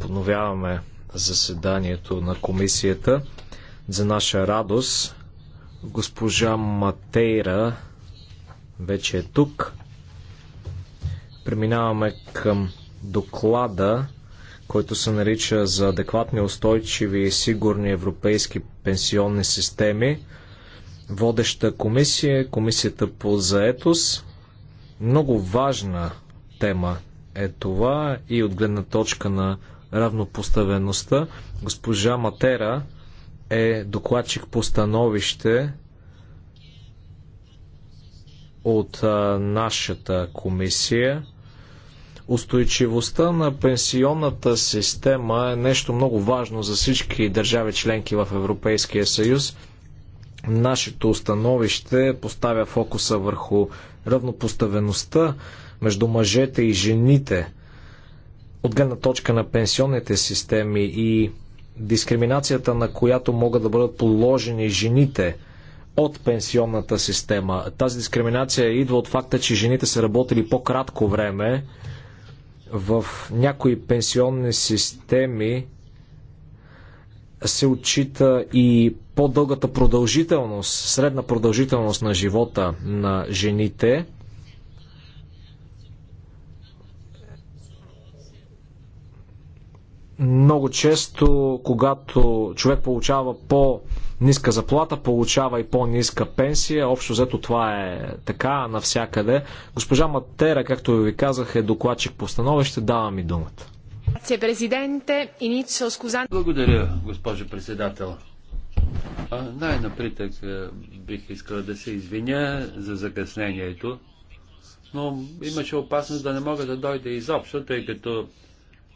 Подновяваме заседанието на комисията. За наша радост, госпожа Матейра вече е тук. Преминаваме към доклада, който се нарича за адекватни, устойчиви и сигурни европейски пенсионни системи. Водеща комисия, е комисията по заетост. Много важна тема е това и от гледна точка на равнопоставеността. Госпожа Матера е докладчик по становище от а, нашата комисия. Устойчивостта на пенсионната система е нещо много важно за всички държави членки в Европейския съюз. Нашето установище поставя фокуса върху равнопоставеността между мъжете и жените от гледна точка на пенсионните системи и дискриминацията, на която могат да бъдат положени жените от пенсионната система. Тази дискриминация идва от факта, че жените са работили по-кратко време в някои пенсионни системи се отчита и по-дългата продължителност, средна продължителност на живота на жените – Много често, когато човек получава по-ниска заплата, получава и по-ниска пенсия. Общо взето това е така навсякъде. Госпожа Матера, както ви казах, е докладчик по становище. Давам и думата. Благодаря, госпожо председател. Най-напритък е, бих искал да се извиня за закъснението, но имаше опасност да не мога да дойда изобщо, тъй като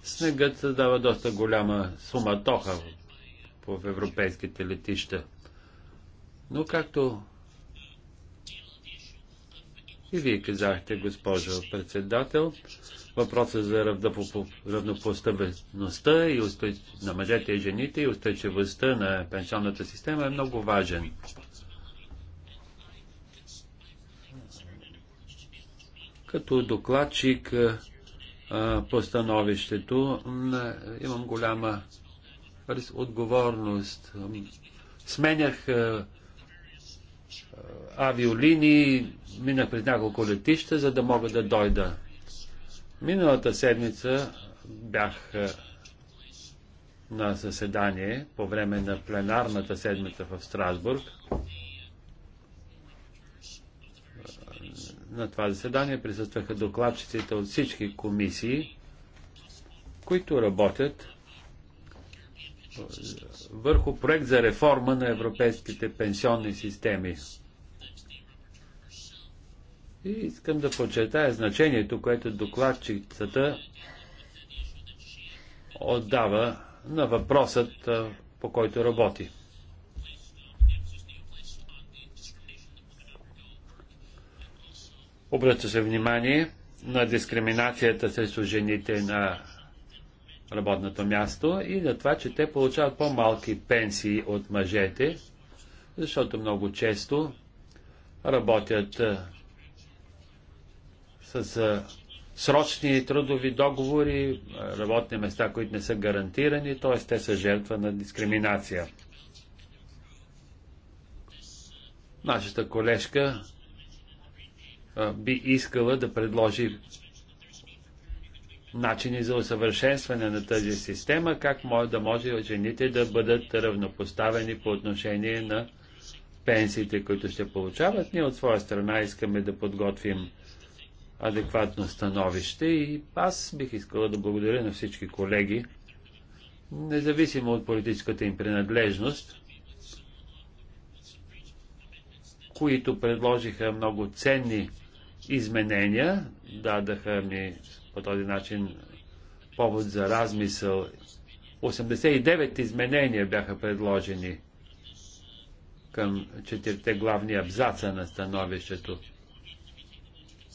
Снегът създава доста голяма суматоха в европейските летища. Но както и вие казахте, госпожо председател, въпросът за равнопоставеността и устойч... на мъжете и жените и устойчивостта на пенсионната система е много важен. Като докладчик Постановището Имам голяма отговорност. Сменях авиолинии, минах през няколко летища, за да мога да дойда. Миналата седмица бях на заседание по време на пленарната седмица в Страсбург на това заседание присъстваха докладчиците от всички комисии, които работят върху проект за реформа на европейските пенсионни системи. И искам да подчертая значението, което докладчицата отдава на въпросът, по който работи. Обръща се внимание на дискриминацията срещу жените на работното място и за това, че те получават по-малки пенсии от мъжете, защото много често работят с срочни трудови договори, работни места, които не са гарантирани, т.е. те са жертва на дискриминация. Нашата колежка би искала да предложи начини за усъвършенстване на тази система, как може да може жените да бъдат равнопоставени по отношение на пенсиите, които ще получават. Ние от своя страна искаме да подготвим адекватно становище и аз бих искала да благодаря на всички колеги, независимо от политическата им принадлежност, които предложиха много ценни изменения дадаха ми по този начин повод за размисъл. 89 изменения бяха предложени към четирите главни абзаца на становището.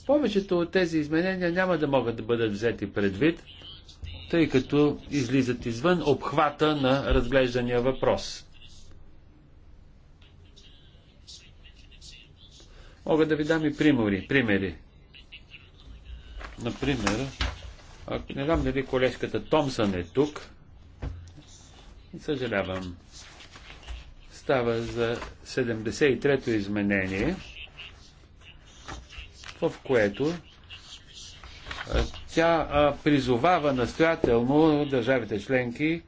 Повечето от тези изменения няма да могат да бъдат взети предвид, тъй като излизат извън обхвата на разглеждания въпрос. Мога да ви дам и примери. примери. Например, ако не знам дали колежката Томсън е тук, съжалявам, става за 73-то изменение, в което тя призовава настоятелно държавите членки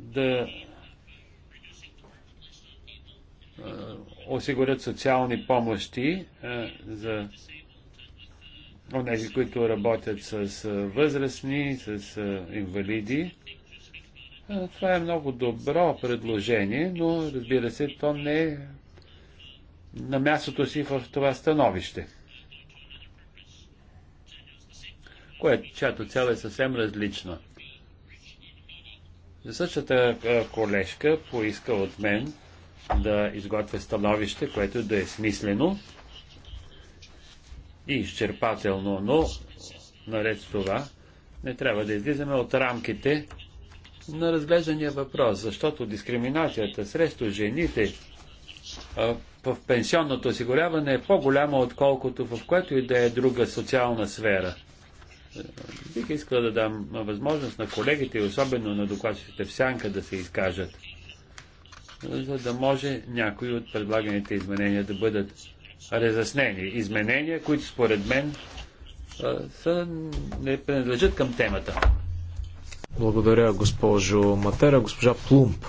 да осигурят социални помощи е, за тези, които работят с е, възрастни, с е, инвалиди. Това е много добро предложение, но разбира се, то не е на мястото си в това становище, което, чиято цел е съвсем различна. Същата колежка поиска от мен да изготвя становище, което да е смислено и изчерпателно, но наред с това не трябва да излизаме от рамките на разглеждания въпрос, защото дискриминацията срещу жените в пенсионното осигуряване е по-голяма, отколкото в което и да е друга социална сфера. Бих искал да дам възможност на колегите и особено на докладчиците в сянка да се изкажат за да може някои от предлаганите изменения да бъдат разяснени. Изменения, които според мен са, не принадлежат към темата. Благодаря, госпожо Матера. Госпожа Плумп.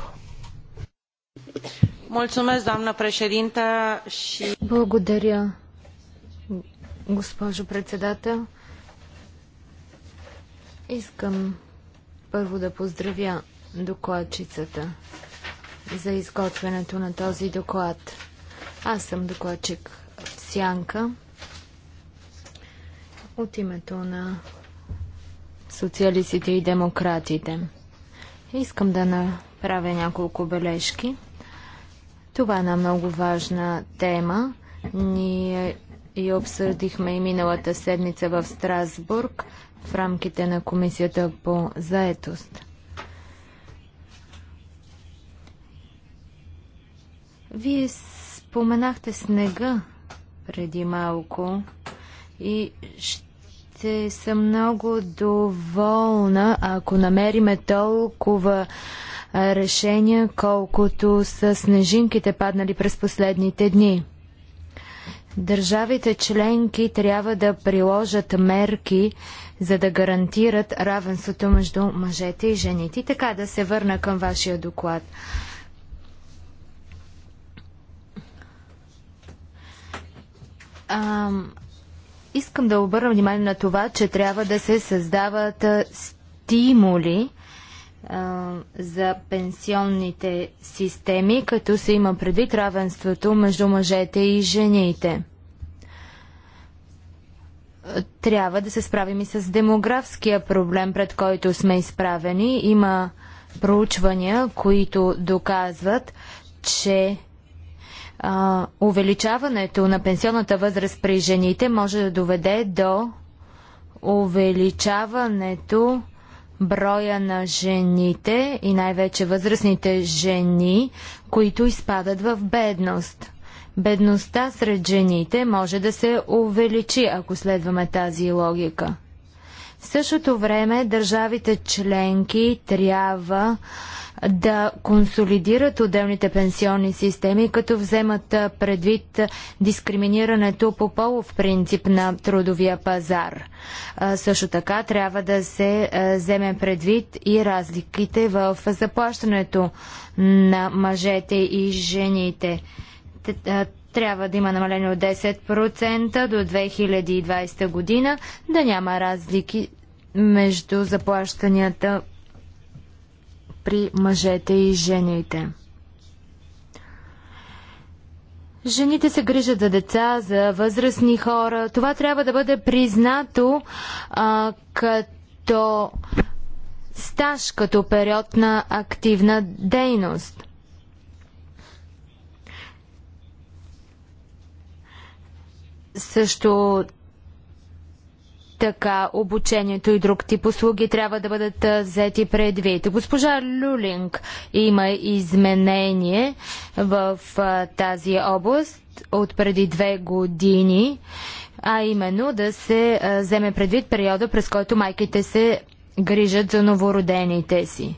Благодаря, госпожо председател. Искам първо да поздравя докладчицата за изготвянето на този доклад. Аз съм докладчик Сянка от името на социалистите и демократите. Искам да направя няколко бележки. Това е една много важна тема. Ние я обсъдихме и миналата седмица в Страсбург в рамките на Комисията по заетост. Вие споменахте снега преди малко и ще съм много доволна, ако намериме толкова решения, колкото са снежинките паднали през последните дни. Държавите членки трябва да приложат мерки, за да гарантират равенството между мъжете и жените. И така да се върна към вашия доклад. А, искам да обърна внимание на това, че трябва да се създават стимули а, за пенсионните системи, като се има предвид равенството между мъжете и жените. Трябва да се справим и с демографския проблем, пред който сме изправени. Има проучвания, които доказват, че а, увеличаването на пенсионната възраст при жените може да доведе до увеличаването броя на жените и най-вече възрастните жени, които изпадат в бедност. Бедността сред жените може да се увеличи, ако следваме тази логика. В същото време държавите членки трябва да консолидират отделните пенсионни системи, като вземат предвид дискриминирането по полов принцип на трудовия пазар. Също така трябва да се вземе предвид и разликите в заплащането на мъжете и жените трябва да има намаление от 10% до 2020 година, да няма разлики между заплащанията при мъжете и жените. Жените се грижат за деца, за възрастни хора. Това трябва да бъде признато а, като стаж, като период на активна дейност. Също така обучението и друг тип услуги трябва да бъдат взети предвид. Госпожа Люлинг има изменение в тази област от преди две години, а именно да се вземе предвид периода, през който майките се грижат за новородените си.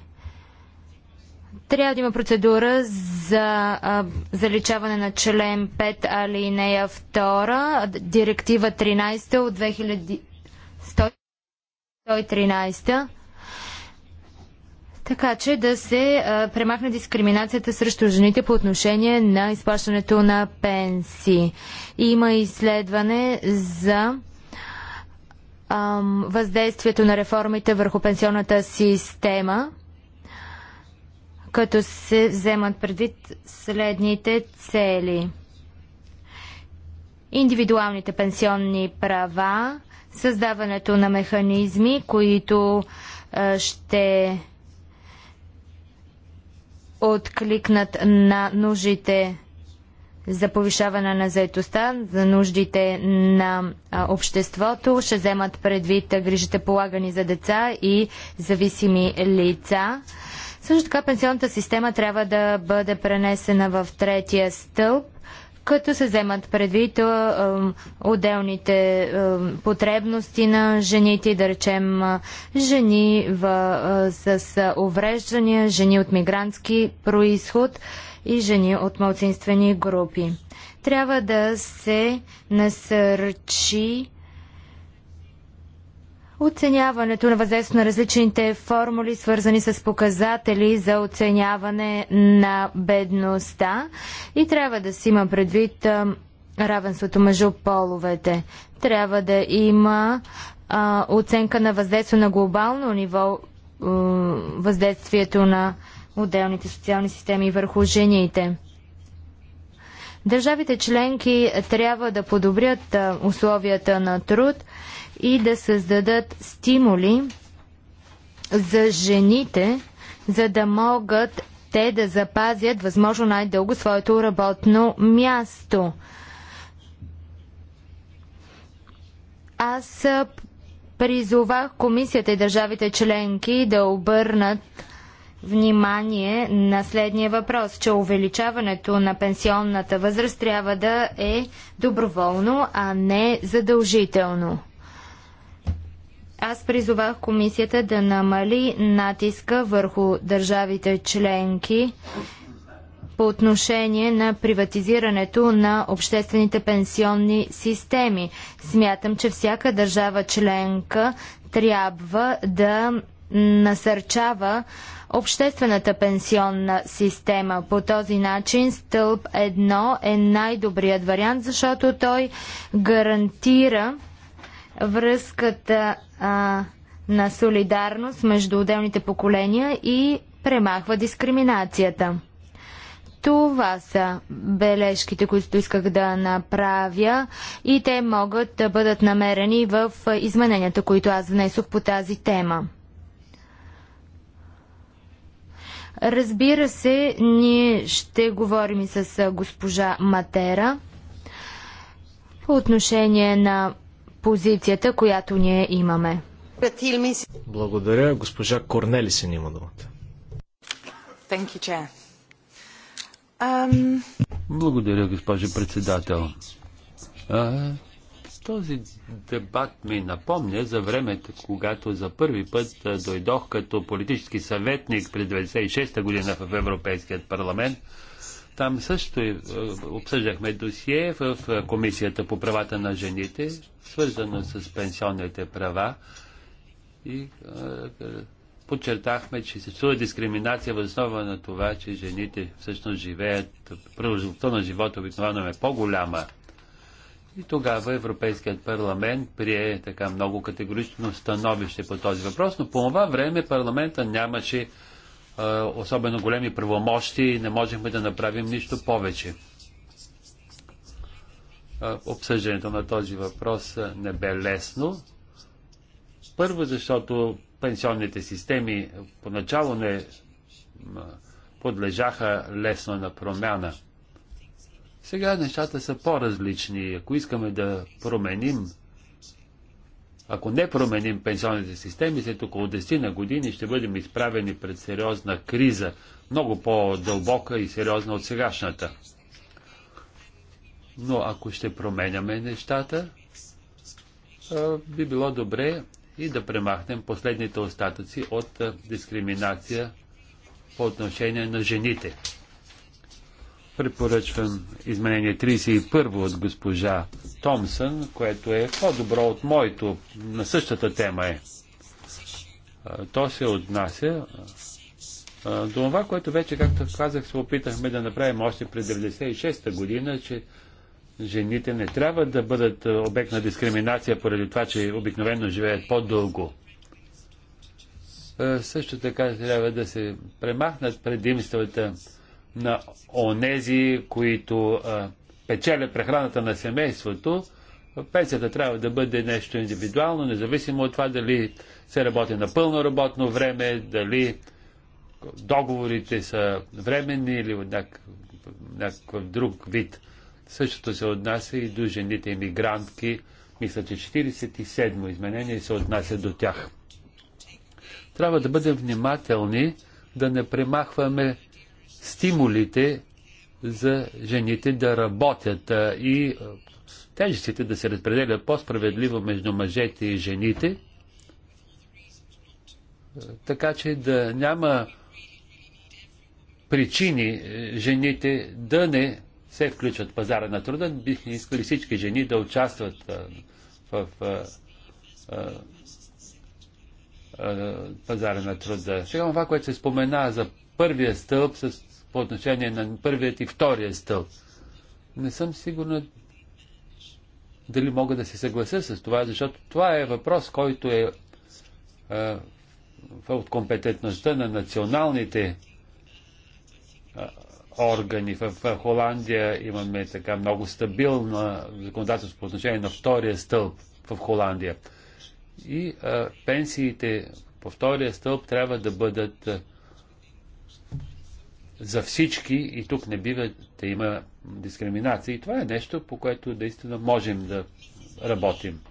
Трябва да има процедура за заличаване на член 5 алинея 2, директива 13 от 2013. Така че да се а, премахне дискриминацията срещу жените по отношение на изплащането на пенсии. Има изследване за въздействието на реформите върху пенсионната система като се вземат предвид следните цели. Индивидуалните пенсионни права, създаването на механизми, които ще откликнат на нуждите за повишаване на заетостта, за нуждите на обществото, ще вземат предвид грижите полагани за деца и зависими лица. Също така пенсионната система трябва да бъде пренесена в третия стълб, като се вземат предвид отделните потребности на жените, да речем жени в, с увреждания, жени от мигрантски происход и жени от малцинствени групи. Трябва да се насърчи Оценяването на въздействие на различните формули, свързани с показатели за оценяване на бедността и трябва да си има предвид равенството между половете. Трябва да има а, оценка на въздействието на глобално ниво, а, въздействието на отделните социални системи върху жените. Държавите членки трябва да подобрят условията на труд и да създадат стимули за жените, за да могат те да запазят възможно най-дълго своето работно място. Аз призовах комисията и държавите членки да обърнат внимание на следния въпрос, че увеличаването на пенсионната възраст трябва да е доброволно, а не задължително. Аз призовах комисията да намали натиска върху държавите членки по отношение на приватизирането на обществените пенсионни системи. Смятам, че всяка държава членка трябва да насърчава обществената пенсионна система. По този начин стълб 1 е най-добрият вариант, защото той гарантира връзката а, на солидарност между отделните поколения и премахва дискриминацията. Това са бележките, които исках да направя и те могат да бъдат намерени в измененията, които аз внесох по тази тема. Разбира се, ние ще говорим и с госпожа Матера по отношение на позицията, която ние имаме. Благодаря. Госпожа Корнели се има думата. You, um... Благодаря, госпожо председател. А, този дебат ми напомня за времето, когато за първи път дойдох като политически съветник през 1996 година в Европейският парламент там също е, е, обсъждахме досие в е, Комисията по правата на жените, свързано с пенсионните права и е, подчертахме, че съществува дискриминация в основа на това, че жените всъщност живеят, продължителността на живота обикновено е по-голяма. И тогава Европейският парламент прие така много категорично становище по този въпрос, но по това време парламента нямаше особено големи правомощи и не можехме да направим нищо повече. Обсъждането на този въпрос не бе лесно. Първо, защото пенсионните системи поначало не подлежаха лесно на промяна. Сега нещата са по-различни. Ако искаме да променим ако не променим пенсионните системи, след около 10 на години ще бъдем изправени пред сериозна криза, много по-дълбока и сериозна от сегашната. Но ако ще променяме нещата, би било добре и да премахнем последните остатъци от дискриминация по отношение на жените. Препоръчвам изменение 31 от госпожа Томсън, което е по-добро от моето, на същата тема е. То се отнася до това, което вече, както казах, се опитахме да направим още през 96-та година, че жените не трябва да бъдат обект на дискриминация поради това, че обикновено живеят по-дълго. Също така трябва да се премахнат предимствата на онези, които а, печелят прехраната на семейството, пенсията трябва да бъде нещо индивидуално, независимо от това дали се работи на пълно работно време, дали договорите са временни или от някакъв друг вид. Същото се отнася и до жените иммигрантки. Мисля, че 47-о изменение се отнася до тях. Трябва да бъдем внимателни да не премахваме стимулите за жените да работят и тежестите да се разпределят по-справедливо между мъжете и жените, така че да няма причини е, жените да не се включват в пазара на труда. Бихме искали всички жени да участват в пазара на труда. Сега това, което се спомена за първия стълб с, по отношение на първият и втория стълб. Не съм сигурна дали мога да се съглася с това, защото това е въпрос, който е а, е, от компетентността на националните а, е, органи. В, в Холандия имаме така много стабилна законодателство по отношение на втория стълб в Холандия. И а, е, пенсиите по втория стълб трябва да бъдат за всички и тук не бива да има дискриминация. И това е нещо, по което наистина можем да работим.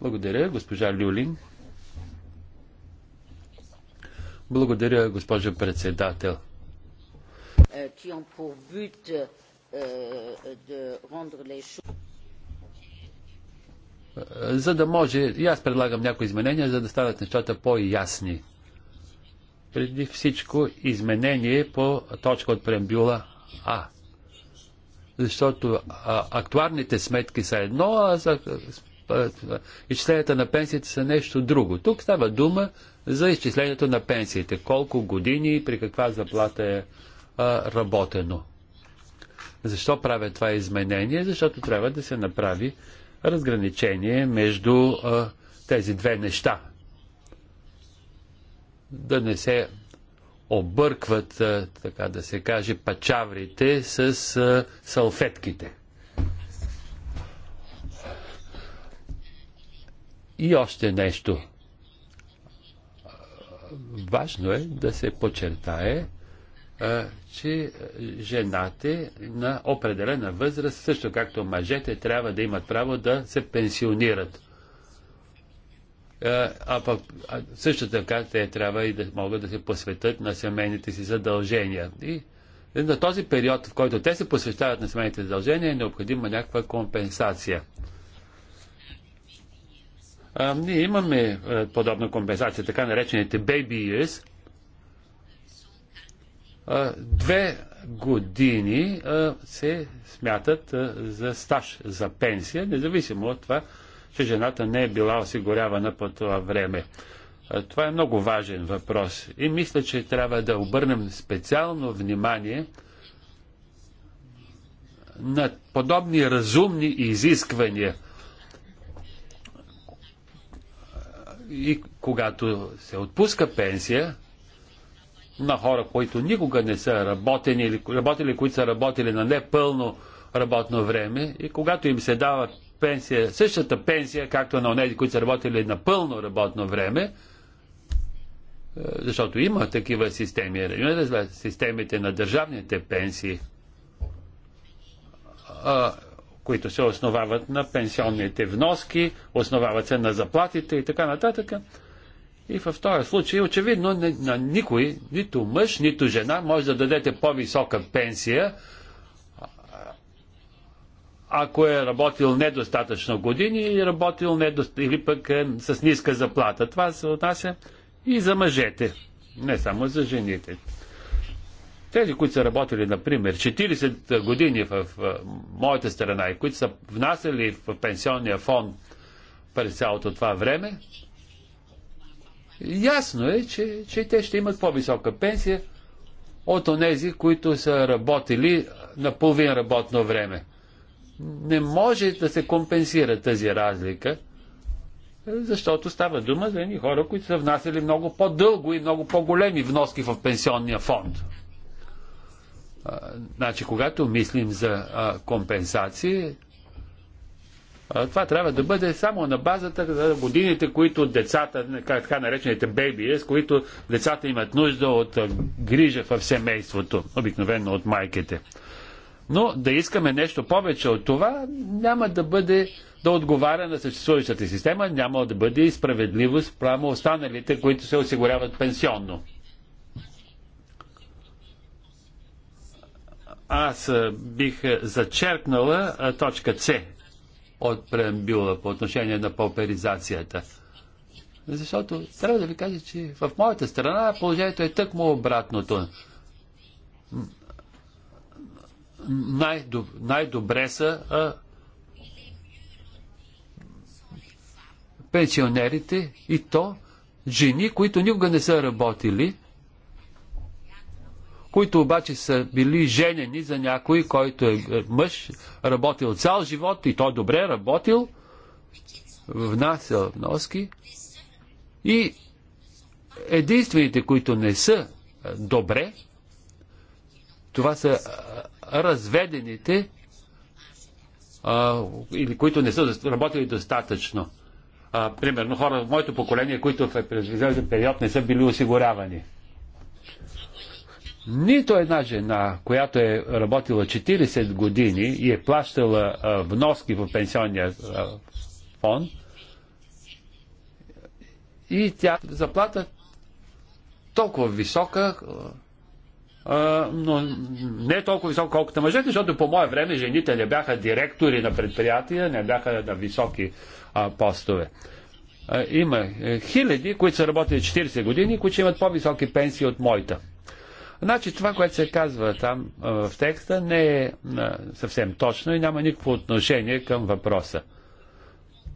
Благодаря, госпожа Люлин. Благодаря, госпожо председател. Е, е, е, за да може, и аз предлагам някои изменения, за да станат нещата по-ясни преди всичко изменение по точка от преамбюла А. Защото а, актуарните сметки са едно, а за изчисленията на пенсиите са нещо друго. Тук става дума за изчислението на пенсиите. Колко години и при каква заплата е а, работено. Защо правя това изменение? Защото трябва да се направи разграничение между а, тези две неща да не се объркват, така да се каже, пачаврите с салфетките. И още нещо. Важно е да се подчертае, че жената е на определена възраст, също както мъжете, трябва да имат право да се пенсионират. Е, а пък също така те трябва и да могат да се посветят на семейните си задължения. И на този период, в който те се посвещават на семейните задължения, е необходима някаква компенсация. А, ние имаме а, е, подобна компенсация, така наречените baby years. А, две години а, се смятат а, за стаж, за пенсия, независимо от това че жената не е била осигурявана по това време. Това е много важен въпрос и мисля, че трябва да обърнем специално внимание на подобни разумни изисквания. И когато се отпуска пенсия на хора, които никога не са работени или работили, които са работили на непълно работно време и когато им се дава пенсия, същата пенсия, както на онези, които са работили на пълно работно време, е, защото има такива системи, системите на държавните пенсии, които се основават на пенсионните вноски, основават се на заплатите и така нататък. И в този случай, очевидно, на никой, нито мъж, нито жена, може да дадете по-висока пенсия, ако е работил недостатъчно години или работил недоста... или пък е с ниска заплата. Това се отнася и за мъжете, не само за жените. Тези, които са работили, например, 40 години в моята страна и които са внасяли в пенсионния фонд през цялото това време, ясно е, че, че те ще имат по-висока пенсия от онези, които са работили на половин работно време не може да се компенсира тази разлика, защото става дума за едни хора, които са внасяли много по-дълго и много по-големи вноски в пенсионния фонд. Значи, когато мислим за компенсации, това трябва да бъде само на базата за годините, които децата, така наречените бейби, с които децата имат нужда от грижа в семейството, обикновено от майките. Но да искаме нещо повече от това, няма да бъде да отговаря на съществуващата система, няма да бъде и справедливост прямо останалите, които се осигуряват пенсионно. Аз бих зачеркнала точка С от преамбюла по отношение на пауперизацията. Защото трябва да ви кажа, че в моята страна положението е тъкмо обратното най-добре, най-добре са а, пенсионерите и то жени, които никога не са работили, които обаче са били женени за някой, който е мъж, работил цял живот и той добре работил, внасял вноски и единствените, които не са добре, това са разведените а, или които не са работили достатъчно. А, примерно хора в моето поколение, които в предвиден период не са били осигурявани. Нито една жена, която е работила 40 години и е плащала а, вноски в пенсионния а, фонд, и тя заплата е толкова висока, но не е толкова високо колкото мъжете, защото по мое време жените не бяха директори на предприятия, не бяха на високи а, постове. А, има е, хиляди, които са работили 40 години, които имат по-високи пенсии от моята. Значи това, което се казва там а, в текста, не е а, съвсем точно и няма никакво отношение към въпроса.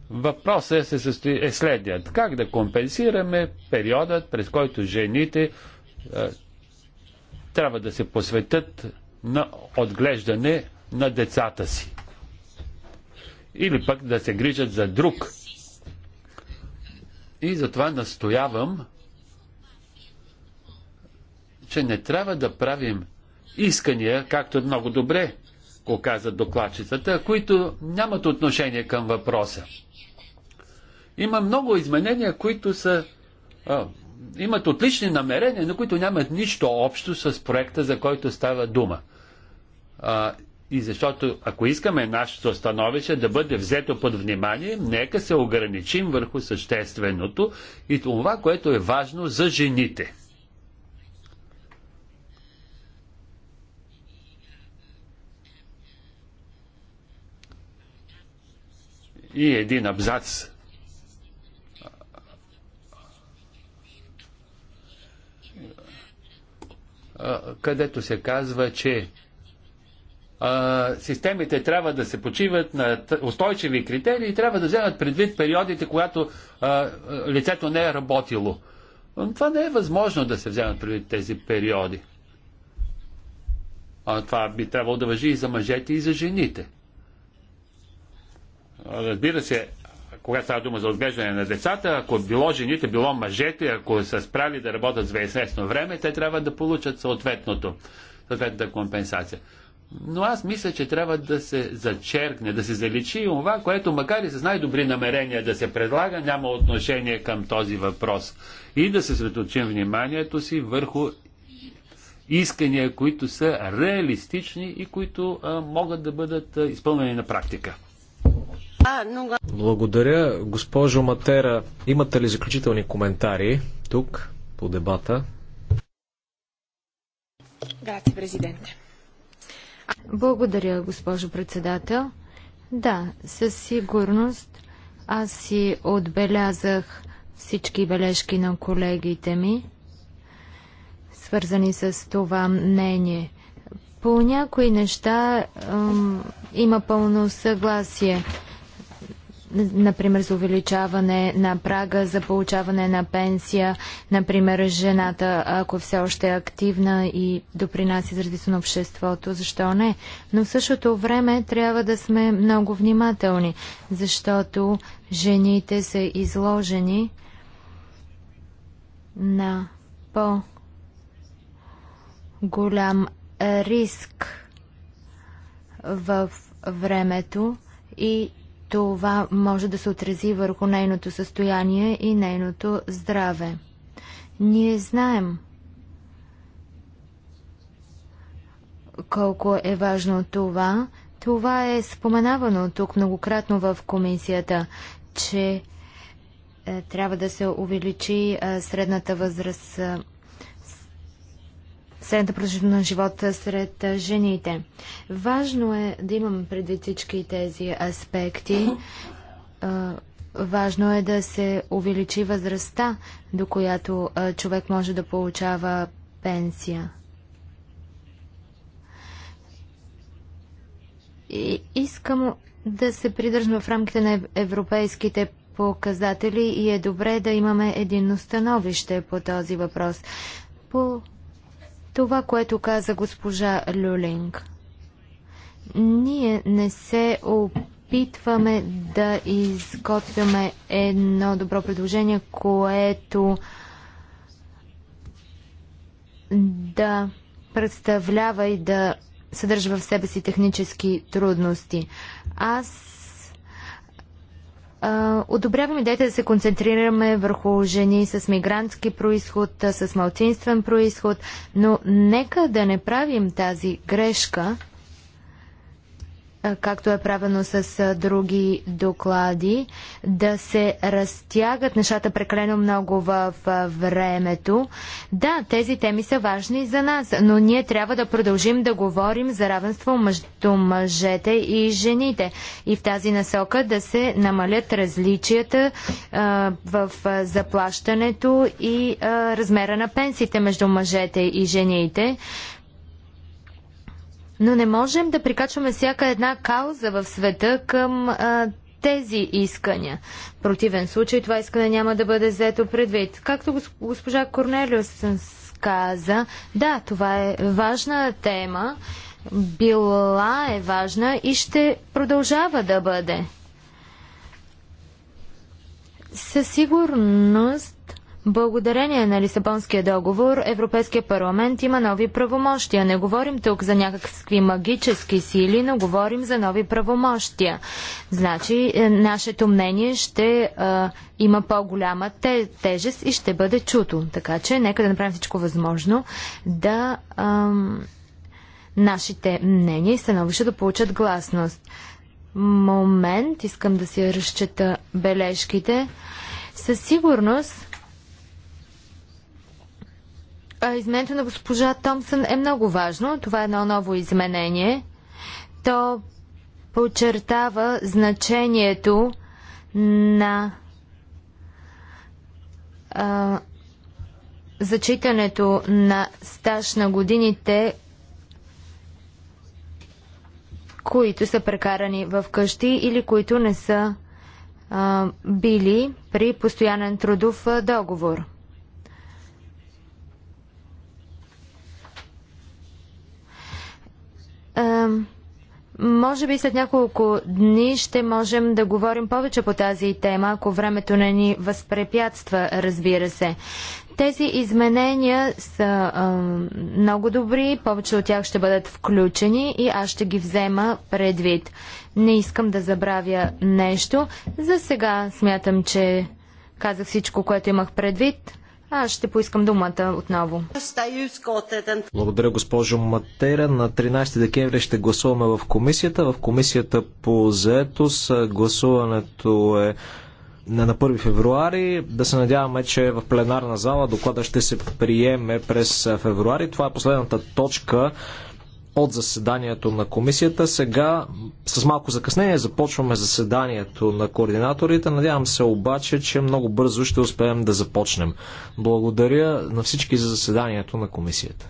Въпросът се състои, е следният. Как да компенсираме периодът, през който жените трябва да се посветят на отглеждане на децата си. Или пък да се грижат за друг. И затова настоявам, че не трябва да правим искания, както много добре го каза докладчицата, които нямат отношение към въпроса. Има много изменения, които са имат отлични намерения, но които нямат нищо общо с проекта, за който става дума. А, и защото, ако искаме нашето становище да бъде взето под внимание, нека се ограничим върху същественото и това, което е важно за жените. И един абзац където се казва, че а, системите трябва да се почиват на устойчиви критерии и трябва да вземат предвид периодите, когато а, лицето не е работило. Но това не е възможно да се вземат предвид тези периоди. А това би трябвало да въжи и за мъжете, и за жените. Разбира се, когато става дума за отглеждане на децата, ако било жените, било мъжете, ако са справи да работят за известно време, те трябва да получат съответното, съответната компенсация. Но аз мисля, че трябва да се зачеркне, да се заличи и това, което макар и с най-добри намерения да се предлага, няма отношение към този въпрос. И да се средоточим вниманието си върху искания, които са реалистични и които а, могат да бъдат а, изпълнени на практика. Благодаря. Госпожо Матера, имате ли заключителни коментари тук по дебата? президенте. Благодаря, госпожо председател. Да, със сигурност аз си отбелязах всички бележки на колегите ми, свързани с това мнение. По някои неща има пълно съгласие например, за увеличаване на прага за получаване на пенсия, например, жената, ако е все още е активна и допринася за развитието на обществото, защо не? Но в същото време трябва да сме много внимателни, защото жените са изложени на по-голям риск в времето и това може да се отрази върху нейното състояние и нейното здраве. Ние знаем колко е важно това. Това е споменавано тук многократно в комисията, че е, трябва да се увеличи е, средната възраст е, средната продължителност на живота сред жените. Важно е да имам предвид всички тези аспекти. Важно е да се увеличи възрастта, до която човек може да получава пенсия. И искам да се придържам в рамките на европейските показатели и е добре да имаме единно становище по този въпрос. По това, което каза госпожа Люлинг. Ние не се опитваме да изготвяме едно добро предложение, което да представлява и да съдържа в себе си технически трудности. Аз Одобряваме идеята да се концентрираме върху жени с мигрантски происход, с малцинствен происход, но нека да не правим тази грешка, както е правено с други доклади, да се разтягат нещата прекалено много в времето. Да, тези теми са важни за нас, но ние трябва да продължим да говорим за равенство между мъжете и жените и в тази насока да се намалят различията в заплащането и размера на пенсиите между мъжете и жените. Но не можем да прикачваме всяка една кауза в света към а, тези искания. В противен случай това искане няма да бъде взето предвид. Както госпожа Корнелиус каза, да, това е важна тема, била е важна и ще продължава да бъде. Със сигурност Благодарение на Лисабонския договор Европейския парламент има нови правомощия. Не говорим тук за някакви магически сили, но говорим за нови правомощия. Значи е, нашето мнение ще а, е, има по-голяма те, тежест и ще бъде чуто. Така че нека да направим всичко възможно да а, нашите мнения и становища да получат гласност. Момент, искам да си разчета бележките. Със сигурност Изменението на госпожа Томсън е много важно. Това е едно ново изменение. То подчертава значението на а, зачитането на стаж на годините, които са прекарани в къщи или които не са а, били при постоянен трудов договор. Може би след няколко дни ще можем да говорим повече по тази тема, ако времето не ни възпрепятства, разбира се. Тези изменения са а, много добри, повече от тях ще бъдат включени и аз ще ги взема предвид. Не искам да забравя нещо. За сега смятам, че казах всичко, което имах предвид. Аз ще поискам думата отново. Благодаря, госпожо Матера. На 13 декември ще гласуваме в комисията. В комисията по с гласуването е на 1 февруари. Да се надяваме, че в пленарна зала доклада ще се приеме през февруари. Това е последната точка от заседанието на комисията. Сега с малко закъснение започваме заседанието на координаторите. Надявам се обаче, че много бързо ще успеем да започнем. Благодаря на всички за заседанието на комисията.